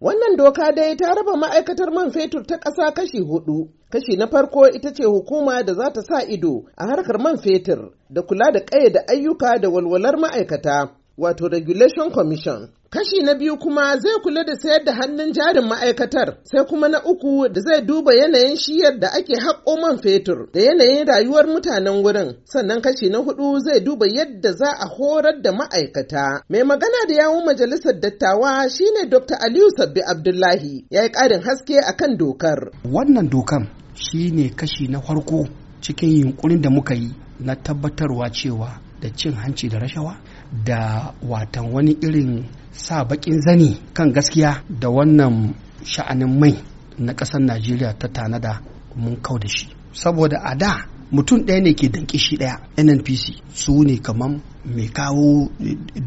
Wannan doka dai ta raba ma'aikatar man fetur ta ƙasa kashi hudu. Kashi na farko ita ce hukuma da za ta sa ido a harkar man fetur da kula da da ayyuka da walwalar ma'aikata, wato Regulation Commission. Kashi na biyu kuma zai kula da sayar da hannun jarin ma'aikatar, sai kuma na uku da zai duba yanayin shiyar da ake haƙo man fetur da yanayin rayuwar mutanen wurin. Sannan kashi na hudu zai duba yadda za a horar da ma'aikata. Mai magana da yawun majalisar dattawa shine Dr. Aliyu Sabbi Abdullahi ya yi ƙarin haske akan dokar. Wannan dokan shine kashi na farko cikin yunkurin da muka yi na tabbatarwa cewa da cin hanci da rashawa da watan wani irin sa bakin zani kan gaskiya da wannan sha'anin mai na ƙasar najeriya ta tanada mun kau da shi saboda a da mutum ɗaya ne ke danki shi ɗaya nnpc su ne kamar mai kawo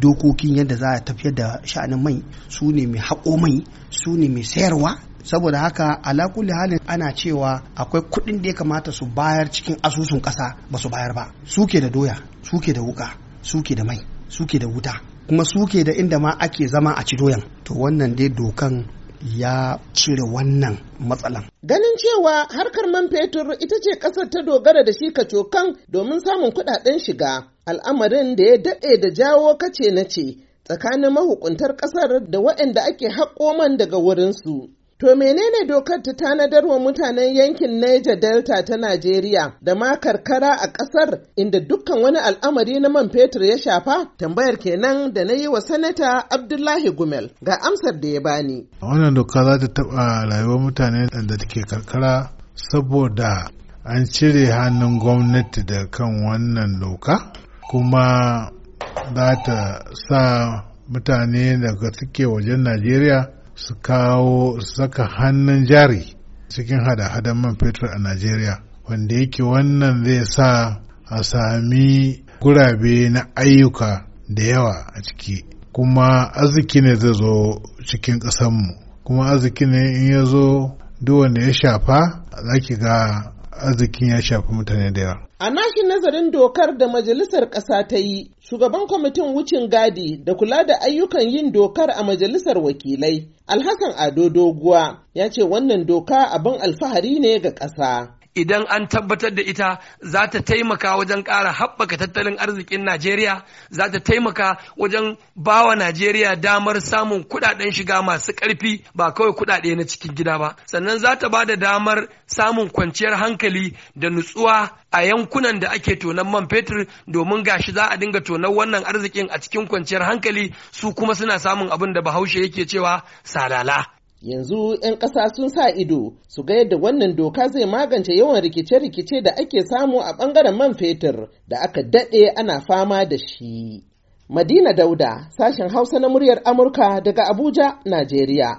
dokokin yadda za a tafiyar da sha'anin mai su ne mai haƙo mai su ne mai sayarwa saboda haka alakulli halin ana cewa akwai kuɗin da ya kamata su bayar cikin asusun ƙasa ba su bayar ba suke da doya suke da wuka suke da mai suke da wuta kuma suke da inda ma ake zama a ci doyan to wannan dai dokan ya cire wannan matsalan. Ganin cewa harkar man fetur ita ce ƙasar ta dogara da shi ka cokan domin samun kuɗaɗen shiga, al'amarin da ya daɗe da jawo kace na ce tsakanin mahukuntar ƙasar da waɗanda ake haƙo man daga wurinsu. To menene dokar ta tanadar wa mutanen yankin Niger Delta ta Najeriya da ma karkara a ƙasar inda dukkan wani al'amari na man fetur ya shafa? Tambayar kenan da na yi wa Sanata Abdullahi Gumel ga amsar da ya bani. Wannan doka za ta taɓa rayuwar mutane da take karkara saboda an cire hannun gwamnati da kan wannan doka kuma za ta sa mutane daga suke wajen Najeriya su kawo saka hannun jari cikin hada-hadan man fetur a Najeriya wanda yake wannan zai sa a sami gurabe na ayyuka da yawa a ciki kuma arziki ne zai zo cikin ƙasanmu kuma arziki ne in ya zo duk wanda ya shafa za ki ga arzikin ya shafi mutane da yawa. A nashi nazarin dokar da majalisar ƙasa ta yi, shugaban kwamitin wucin gadi da kula da ayyukan yin dokar a majalisar wakilai, Alhassan Ado Doguwa ya ce wannan doka abin alfahari ne ga ƙasa. idan an tabbatar da ita za ta taimaka wajen ƙara haɓaka tattalin arzikin Najeriya, za ta taimaka wajen bawa Najeriya damar samun kuɗaɗen shiga masu ƙarfi ba kawai kuɗaɗe na cikin gida ba. Sannan za ta ba da damar samun kwanciyar hankali da nutsuwa a yankunan da ake tonon man fetur domin gashi za a dinga tonon wannan arzikin a cikin kwanciyar hankali su kuma suna samun abin da bahaushe yake cewa salala. yanzu 'yan ƙasa sun sa ido su ga yadda wannan doka zai magance yawan rikice-rikice da ake samu a ɓangaren man fetur da aka daɗe ana fama da shi. Madina Dauda, sashen Hausa na muryar Amurka daga Abuja, Najeriya.